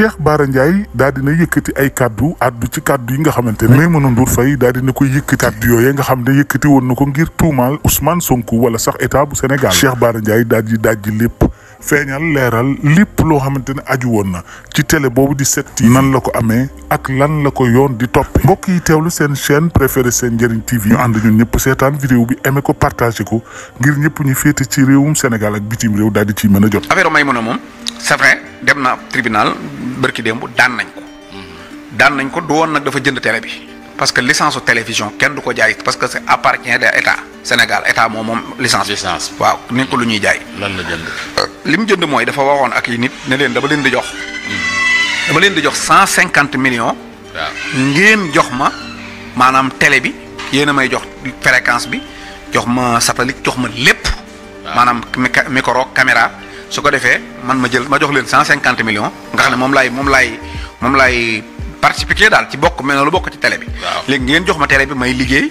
Cheikh Bara Ndiaye daal dina yëkkati ay kaddu addu ci kaddu yi nga xamante ne Maimouna Ndour fay dal dina koy yëkkati kaddu yooyee nga xam ne yëkkati woon na ko ngir tuumaal Ousmane Sonko wala sax état bu Sénégal Cheikh Bara Ndiaye daal di daal di lépp feeñal leeral lépp loo xamante ne aju woon na ci tele boobu di setti nan la ko amee ak lan la ko yoon di toppe mbokk yi lu seen chaîne préférée seen njëriñ TV ñu ànd ñun ñëpp seetaan vidéo bi aimé ko partagé ko ngir ñëpp ñu féete ci réewum Sénégal ak bitim réew daal di ciy mën a jot affaire Maimouna moom c'est vrai barki dembu dan nañ ko dan nañ ko du won nak dafa jënd télé bi parce que licence télévision kenn du ko jaay parce que c'est appartient de état sénégal état mom mom licence licence waaw ni ko lu ñuy jaay lan la jënd euh, lim jënd moy dafa waxon ak nit ne leen dama leen di jox hmm. dama leen di jox 150 millions ngeen jox ma manam télé bi yena may jox fréquence bi jox ma satellite jox ma lepp manam micro caméra su ko defee man ma jël ma jox leen 150 millions nga xam ne moom laay moom laay moom laay participer daal ci bokk mel lu bokk ci télé bi. waaw léegi ngeen jox ma télé bi may liggéey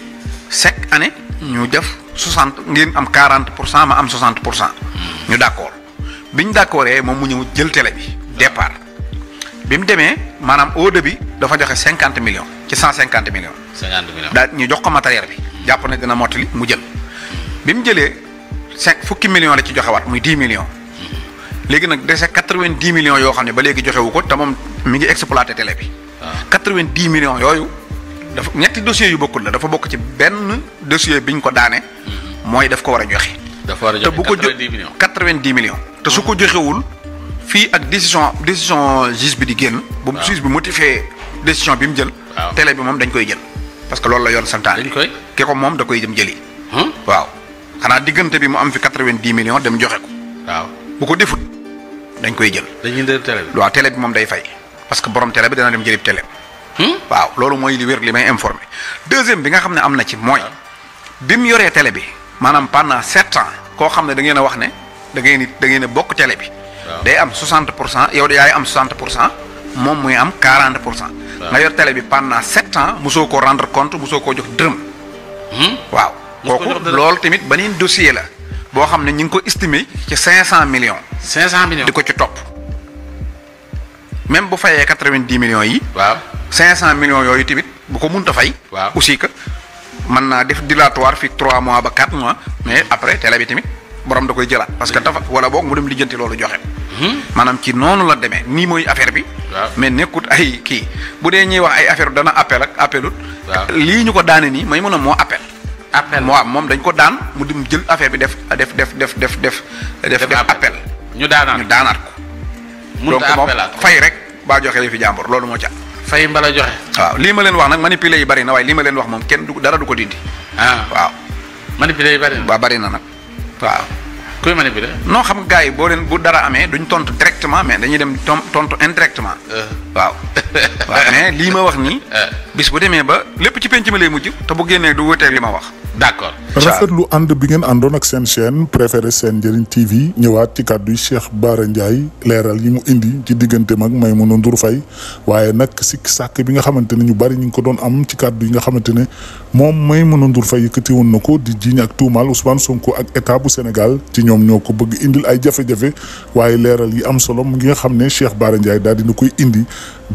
chaque années ñu def 60 ngeen am 40 pour cent ma am 60 pour cent. Hmm. ñu d' accord bi ñu d' accordee moom mu ñëw jël télé bi. départ bi mu demee maanaam au début dafa joxe 50 millions ci 150 millions. 50 millions daal ñu jox ko matériel bi. jàpp ne dina mottali mu jël. Hmm. bi mu jëlee 5 fukki millions la ci joxewaat muy 10 millions. léegi nag dese quatre-vingt-dix millions yoo xam ne ba léegi joxewu ko te moom mi ngi exploité télé bi. Ah. quatre-vingt-dix yooyu dafa ñetti dossiers yu bokkul la dafa bokk ci benn dossier bi ñu ko daane. Mm-hmm. mooy daf ko war a joxe. dafa war a joxe quatre-vingt-dix millions te bu ko quatre-vingt-dix te su ko mm-hmm. joxewul fii ak décision décision juge bi di génn. bu ah. juge bi motivé décision bi mu jël. Ah. tele bi moom dañ koy jël. parce que loolu la yoon santaane. dañ koy ki ko moom da koy jëm jëli. waaw xanaa diggante bi mu am fi quatre vingt dem joxe ko. waaw bu ko defut. dañ koy jël dañuy ndër télé bi waaw télé bi mom day fay parce que borom télé bi dana dem jëlib télé hmm waaw loolu mooy li wér li may informé deuxième bi nga xam ne am na ci mooy bim yoré télé bi manam pendant sept ans koo xam ne da ngeen a wax ne da ngeen da ngeen a bokk télé bi day am 60 pour cent yow yaay am 60 pour cent moom muy am 40 pour cent nga yor télé bi pendant sept ans mosoo ko rendre compte mosoo koo jox dërëm hmm? waaw kooku loolu tamit beneen dossier la bo xamne ñing ko estimer ci 500 millions. 500 millions diko ci top même bu fayé 90 millions yi. waaw 500 millions yoyu tibit bu ko munta fay. waaw aussi que man na def dilatoire fi 3 mois ba 4 mois mais après té la bi tamit borom da koy jëla parce que mm-hmm. dafa wala bok mu dem lijeenti lolu joxe. manam mm-hmm. ci nonu la démé ni moy affaire bi. mais nekut ay ki bu dé ñi wax ay affaire dana appel ak appelut. li lii ñu ko daane nii may mëna mo appel. appel waaw moom dañ ko daan mu dim jël affaire bi def def def def def def. def appel ñu daanaat ñu daanaat ko. mënut a appel donc moom fay rek baa joxe li fi jàmbur loolu moo ca. fay mbala joxe. waaw lii ma leen wax nag manipulé yi bari na waaye lii ma leen wax moom kenn du dara du ko dindi. ah waaw. manipulé yi bari na waaw nag waaw. kuy manipuler. non xam nga gars yi boo leen bu dara amee duñ tontu directement mais dañuy dem tontu indirectement. Euh. waaw waaw mais lii ma wax nii. Euh. bis bu demee ba lépp ci penc ma lay mujj. te bu génnee du wuteeg li ma wax. d' accord rafetlu ànd bi ngeen àndoon ak seen chaîne préféré seen njëriñ TV ñëwaat ci kàddu yi Cheikh Bara Ndiaye leeral yi mu indi ci diggante mag digganteem ak Maimouna Ndour fay waaye nag sikk sàkk bi nga xamante ne ñu bari ñu ngi ko doon am ci kàddu yi nga xamante ne moom Maimouna Ndour Faye yëkkati woon na ko di jiiñ ak tuumaal Ousmane Sonko ak état bu Sénégal ci ñoom ñoo ko bëgg indil ay jafe-jafe waaye leeral yi am solo mu ngi nga xam ne Cheikh Bara Ndiaye daal dina koy indi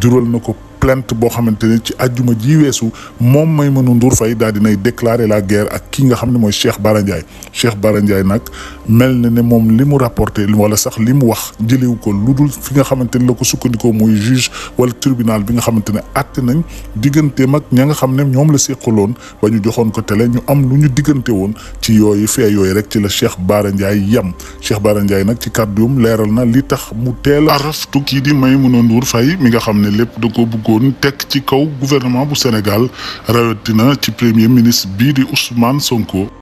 jural na ko plainte boo xamante ne ci ajjuma ji weesu moom Maimouna Ndour Faye daal dinay déclarer la guerre ak ki nga xam ne mooy Cheikh Bara Ndiaye Cheikh Bara Ndiaye nag mel na ne moom li mu rapporté wala sax li mu wax jëlewu ko lu dul fi nga xamante ne la ko sukkandikoo mooy juge wala tribunal bi nga xamante ne àtte nañ digganteem ak ña nga xam ne ñoom la loon ba ñu joxoon ko télé ñu am lu ñu diggante woon ci yooyu fee yooyu rek ci la Cheikh Bara Ndiaye yem Cheikh Bara Ndiaye na li tax mu teel a raftu kii di Maimouna Ndour Faye bëggoon teg ci kaw gouvernement bu Sénégal rawatina ci premier ministre bii di Ousmane Sonko.